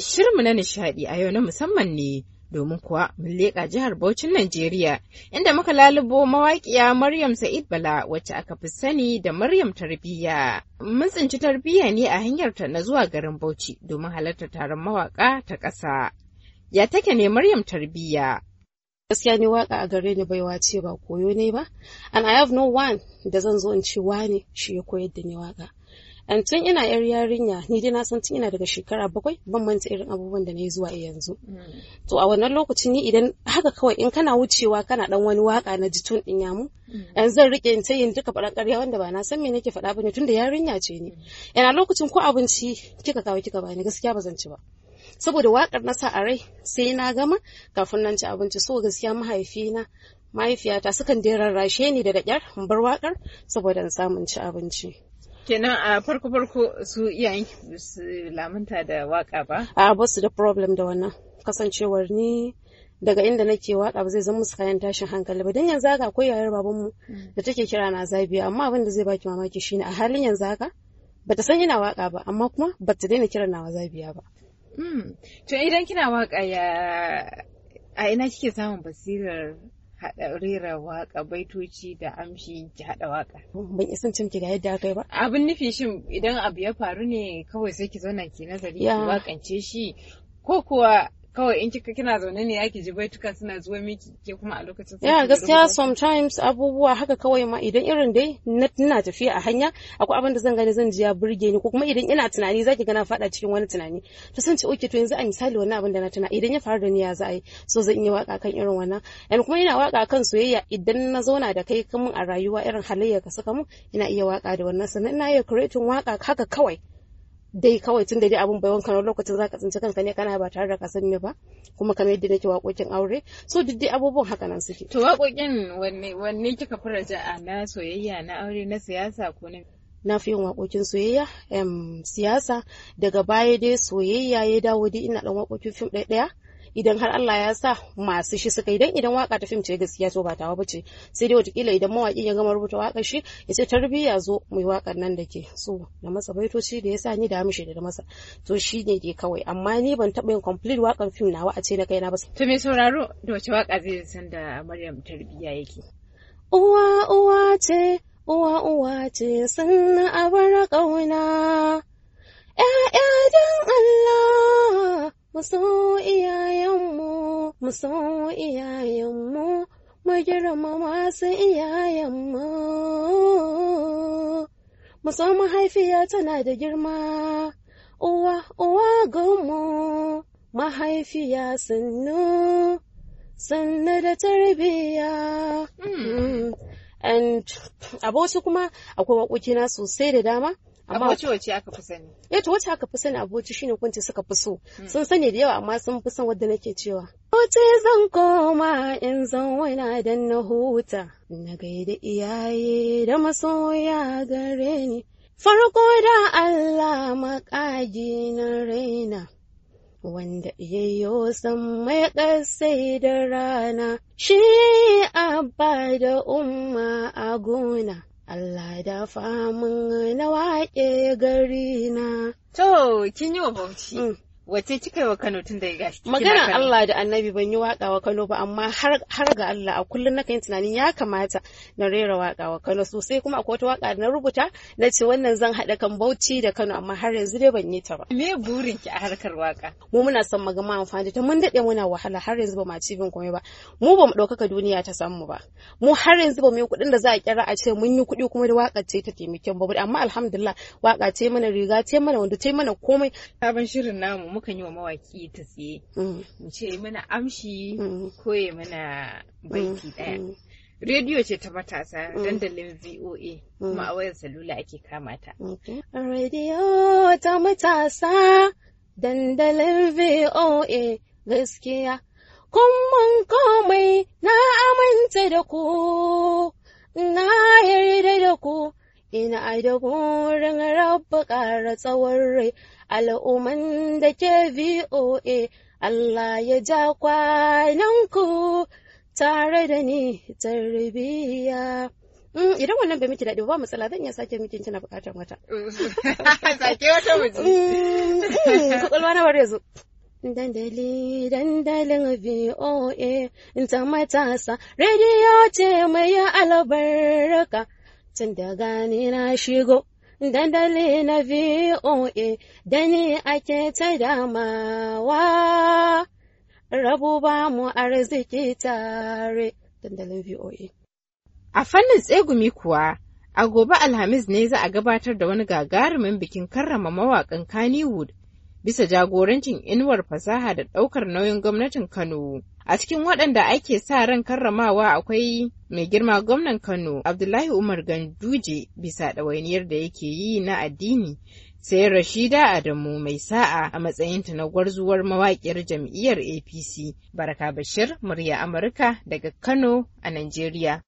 Shirinmu na nishadi a yau na musamman ne domin kuwa mun leƙa jihar Bauchin Najeriya inda muka lalubo mawaƙiya Maryam Sa'id Bala wacce aka fi sani da Maryam Tarbiyya. Mun tsinci tarbiyya ne a hanyarta na zuwa garin Bauchi domin halartar taron mawaƙa ta ƙasa. Ya take ne Maryam Tarbiyya? gaskiya ne waƙa a gare ni baiwa ce ba koyo ne ba and i have no one da zan zo in ce wane shi ya koyar da ni waka an tun ina yar yarinya ni dai na san tun ina daga shekara bakwai ban manta irin abubuwan da na yi zuwa yanzu to a wannan lokacin ni idan haka kawai in kana wucewa kana dan wani waka na ji tun din yamu yanzu mm. zan rike in yin duka faɗan ƙarya wanda ba na san me nake faɗa bane tunda yarinya ce ni yana mm. lokacin ko abinci kika kawo kika bani gaskiya ba zan ci ba saboda wakar na sa a rai sai na gama kafin nan ci abinci so gaskiya mahaifina mahaifiyata sukan dai rarrashe ni da ƙyar in bar wakar saboda in samun ci abinci kenan a farko farko su iyayen su lamunta da waka ba a ba su da problem da wannan kasancewar ni daga inda nake waka ba zai zama musu kayan tashin hankali ba dan yanzu haka akwai yayar babanmu da take kira na zabiya amma abin da zai baki mamaki shine a halin yanzu haka bata san ina waka ba amma kuma bata daina kiran nawa zabiya ba hmm. to idan kina waka ya a ina kike samun basirar haɗa rera waka baitoci da amshi ki haɗa waka. Oh, ban isa cin ki da yadda aka yi ba. Abin nufi shin idan abu ya faru ne kawai sai ki zauna ki nazari ki wakance shi ko kuwa kawai in kika kina zaune ne yaki ji baituka suna zuwa miki ke kuma a lokacin ya gaskiya sometimes abubuwa haka kawai ma idan irin dai na tana tafiya a hanya akwai abin da zan gani zan ji ya burge ni ko kuma idan ina tunani zaki gana fada cikin wani tunani to san ce oke to yanzu a misali wannan abin da na tuna idan ya faru da ni ya za a so zan yi waka kan irin wannan yana kuma ina waka kan soyayya idan na zauna da kai kamun a rayuwa irin halayya ka saka mun ina iya waka da wannan sannan ina iya creating waka haka kawai dai kawai tun da dai abun bai wanka lokacin zaka tsinci kanka ne kana ba tare da ka san me ba kuma kamar yadda nake waƙoƙin aure so duk dai abubuwan haka nan suke to waƙoƙin wanne wanne kika fara a na soyayya na aure na siyasa ko na na fi yin waƙoƙin soyayya siyasa daga baya dai soyayya ya dawo dai ina dan waƙoƙin fim ɗaya ɗaya idan har Allah ya sa masu shi suka idan idan waka ta fim ce gaskiya to ba tawa bace sai dai kila idan mawaki ya gama rubuta wakar shi ya ce tarbiyya zo mai yi wakar nan da ke so da masa baitoci da ya sa ni da mishi da masa to shi ne dai kawai amma ni ban taɓa yin complete wakan fim nawa a ce na kaina ba to me sauraro da wace waka zai san da Maryam tarbiyya yake uwa uwa ce uwa uwa ce sannan a bar ƙauna ‘ya'ya don Allah mu so iyayenmu, mu iyayenmu, mu girma masu iyayenmu. Mu mahaifiya tana da girma, uwa uwa gunmu, mahaifiya sannu, sannu da tarbiyya. Hmm. Hmm. And a kuma akwai waƙoƙina sosai da dama. amma wace wace aka fi sani eh to wace aka fi sani aboci shine kunci suka fi so hmm. sun sani da yawa amma sun fi san wadda nake cewa wace zan koma in zan wani dan na huta na gaida iyaye da masoya gare ni farko da Allah makaji na raina wanda yayyo san mai ƙasai da rana shi abba da umma a gona Allah da famin na waƙe gari na. To, kin yi wa bauchi. Mm. Wace kika wa Kano tun da ya gashi? Maganar Allah da Annabi ban yi waƙa wa Kano ba amma har ga Allah a kullum na yin tunanin ya kamata na rera waƙa wa Kano sosai kuma akwai wata waƙa da na rubuta na ce wannan zan haɗa kan Bauchi da Kano amma har yanzu dai ban yi ta ba. Me burin ki a harkar waƙa? Mu muna son mu gama amfani ta mun daɗe muna wahala har yanzu ba mu ci bin komai ba. Mu ba mu ɗaukaka duniya ta samu ba. Mu har yanzu ba mu yi kuɗin da za a kira a ce mun yi kuɗi kuma da waka ce ta taimake ba amma alhamdulillah waka ce mana riga ce mana wanda ce mana komai. Sabon shirin namu mukan yi wa mawaki ta tsaye mm. mu ce mana amshi mm. ko ya mana baiti mm. ɗaya rediyo ce ta matasa dandalin VOA kuma a wayar salula ake kama ta. Rediyo ta matasa dandalin VOA gaskiya kun komai na aminta da ku na yarda da ku ina da gurin rabu ƙara tsawon rai al'umman da ke VOA Allah ya ja kwananku tare da ni tarbiya. Mm, idan wannan bai miki daɗi ba matsala zan iya sake miki kina buƙatar wata. Sake wata mutum. Mm, mm, Kukulwa na bare Dandali dandalin VOA ta matasa rediyo ce mai albarka tun da gani na shigo. dandali na VOA da ake ta damawa. Rabu ba mu arziki tare dandalin VOA. A fannin tsegumi kuwa, a gobe Alhamis ne za a gabatar da wani gagarumin bikin karrama mawaƙan Kannywood bisa jagorancin inuwar fasaha da ɗaukar nauyin gwamnatin Kano. A cikin waɗanda ake sa ran karramawa akwai mai girma gwamnan Kano Abdullahi Umar Ganduje bisa ɗawainiyar da yake yi na addini. sai Rashida Adamu mai sa'a a matsayinta na gwarzuwar mawaƙiyar jam'iyyar APC. Baraka Bashir, murya Amurka daga Kano a Najeriya.